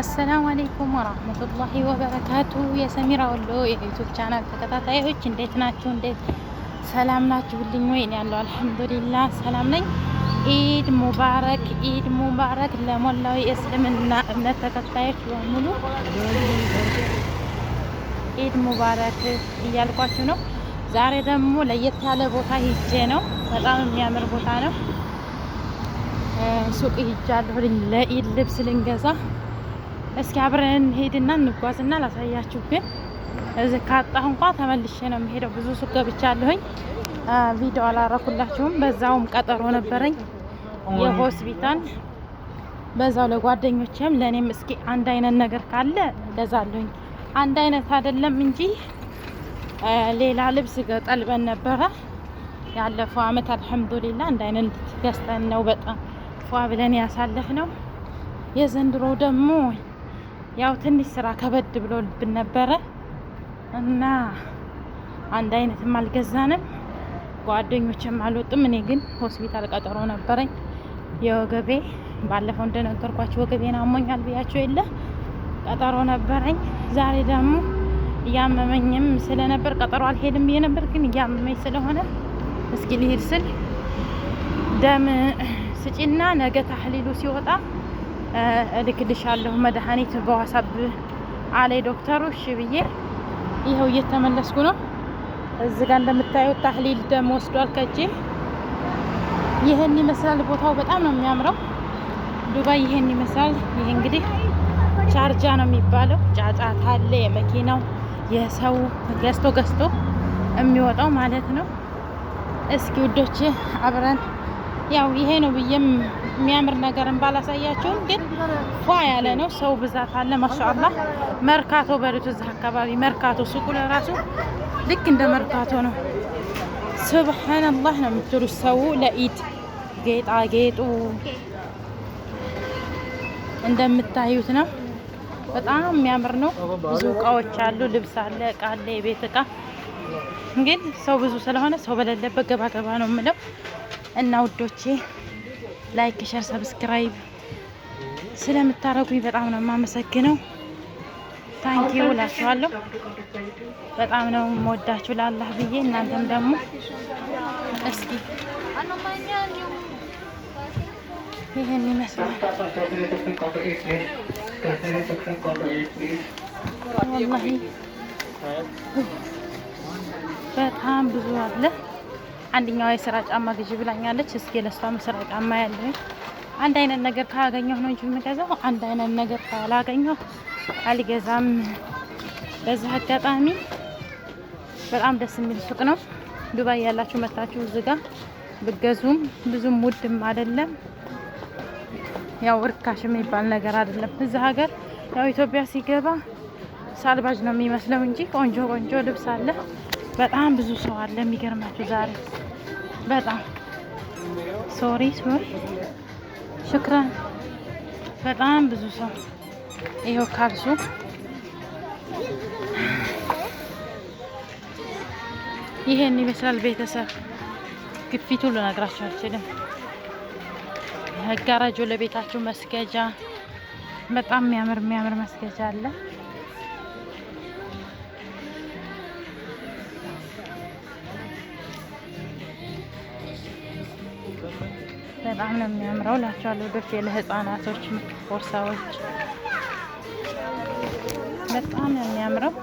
አሰላሙ አሌይኩም ወራህመቱላሂ ወበረካቱ። የሰሚራ ወሎ የዩቱብ ቻናል ተከታታዮች እንዴት ናችሁ? እንዴት ሰላም ናችሁልኝ? ወይን ያለው አልሐምዱሊላ ሰላም ነኝ። ኢድ ሙባረክ፣ ኢድ ሙባረክ ለሞላው የእስልምና እምነት ተከታዮች በሙሉ ኢድ ሙባረክ እያልኳችሁ ነው። ዛሬ ደግሞ ለየት ያለ ቦታ ሂጄ ነው። በጣም የሚያምር ቦታ ነው። ሱቅ ሂጃለሁ ለኢድ ልብስ ልንገዛ እስኪ አብረን እንሄድና እንጓዝና ላሳያችሁ። ግን እዚህ ካጣሁ እንኳ ተመልሼ ነው የምሄደው። ብዙ ሱቅ ገብቻለሁኝ፣ ቪዲዮ አላረኩላችሁም። በዛውም ቀጠሮ ነበረኝ የሆስፒታል፣ በዛው ለጓደኞቼም ለእኔም እስኪ አንድ አይነት ነገር ካለ ገዛለሁኝ። አንድ አይነት አይደለም እንጂ ሌላ ልብስ ገጠልበን ነበረ ያለፈው አመት። አልሐምዱሊላ አንድ አይነት ገዝተን ነው በጣም ፏ ብለን ያሳለፍ ነው። የዘንድሮ ደግሞ ያው ትንሽ ስራ ከበድ ብሎብን ነበረ እና አንድ አይነትም አልገዛንም። ጓደኞችም አልወጡም። እኔ ግን ሆስፒታል ቀጠሮ ነበረኝ የወገቤ ባለፈው እንደነገርኳቸው ወገቤን አሞኛል ብያቸው የለ ቀጠሮ ነበረኝ። ዛሬ ደግሞ እያመመኝም ስለነበር ቀጠሮ አልሄድም ብዬ ነበር፣ ግን እያመመኝ ስለሆነ እስኪ ልሄድ ስል ደም ስጪና ነገ ታህሊሉ ሲወጣ እልክልሻለሁ መድኃኒት በዋሳብ አለ ዶክተሩ። እሺ ብዬ ይኸው እየተመለስኩ ነው። እዚ ጋ እንደምታዩት ታህሊል ደም ወስዷል ከእጄ። ይህን ይመስላል ቦታው። በጣም ነው የሚያምረው ዱባይ። ይህን ይመስላል። ይህ እንግዲህ ቻርጃ ነው የሚባለው። ጫጫታ አለ፣ የመኪናው የሰው ገዝቶ ገዝቶ የሚወጣው ማለት ነው። እስኪ ውዶች አብረን ያው ይሄ ነው ብዬም የሚያምር ነገርን ባላሳያቸውም ግን ፏ ያለ ነው። ሰው ብዛት አለ። ማሻአላህ መርካቶ በሉት እዚህ አካባቢ መርካቶ ሱቁ ለራሱ ልክ እንደ መርካቶ ነው። ሱብሃንአላህ ነው የምትሉት ሰው ለኢድ ጌጣጌጡ እንደምታዩት ነው። በጣም የሚያምር ነው። ብዙ እቃዎች አሉ። ልብስ አለ፣ እቃ አለ፣ የቤት እቃ እንግዲህ ሰው ብዙ ስለሆነ ሰው በሌለበት ገባ ገባ ነው የምለው እና ውዶቼ ላይክ፣ ሸር፣ ሰብስክራይብ ስለምታረጉኝ በጣም ነው የማመሰግነው። ታንኪ ታንኪዩ ላችኋለሁ። በጣም ነው የምወዳችሁ ላላህ ብዬ እናንተም ደግሞ እስኪ ይህን ይመስላል በጣም ብዙ አለ። አንደኛዋ የስራ ጫማ ግዢ ብላኛለች። እስኪ ለሷም ስራ ጫማ ያለኝ አንድ አይነት ነገር ካገኘሁ ነው እንጂ የምገዛው አንድ አይነት ነገር ካላገኘሁ አልገዛም። በዛ አጋጣሚ በጣም ደስ የሚል ሱቅ ነው። ዱባይ ያላችሁ መታችሁ እዚህ ጋር ብገዙም ብዙም ውድም አይደለም፣ ያው እርካሽ የሚባል ነገር አይደለም። እዚህ ሀገር ያው ኢትዮጵያ ሲገባ ሳልባጅ ነው የሚመስለው እንጂ ቆንጆ ቆንጆ ልብስ አለ። በጣም ብዙ ሰው አለ። የሚገርማችሁ ዛሬ በጣም ሶሪ ሶሪ ሽክራን በጣም ብዙ ሰው ይኸው ካልሱ ይሄን ይመስላል። ቤተሰብ ግፊቱ ልነግራችሁ አልችልም። ጋራጆ ለቤታችሁ መስገጃ በጣም የሚያምር የሚያምር መስገጃ አለ። በጣም ነው የሚያምረው ላቸዋለሁ። ብፌ ለህፃናቶች ቦርሳዎች በጣም ነው የሚያምረው።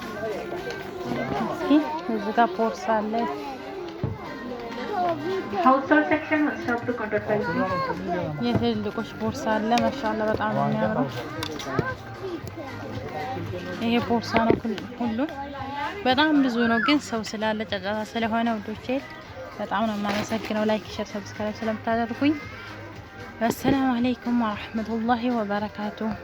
እስኪ እዚህ ጋር ቦርሳ አለ። የትልቆች ቦርሳ አለ። ማሻአላ በጣም ነው የሚያምረው። ይሄ ቦርሳ ነው ሁሉም በጣም ብዙ ነው፣ ግን ሰው ስላለ ጫጫታ ስለሆነ ውዶቼ በጣም ነው የማመሰግነው ላይክ፣ ሸር፣ ሰብስክራይብ ስለምታደርጉኝ። በሰላም አለይኩም ወረህመቱላሂ ወበረካቱ።